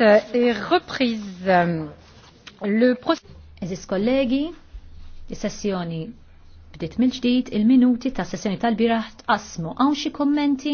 Euh, est reprise. Euh, le Eżis kollegi, is-sessjoni bdiet mill-ġdid, il-minuti ta' sessjoni tal-biraħ tqasmu. Hawn xi kommenti?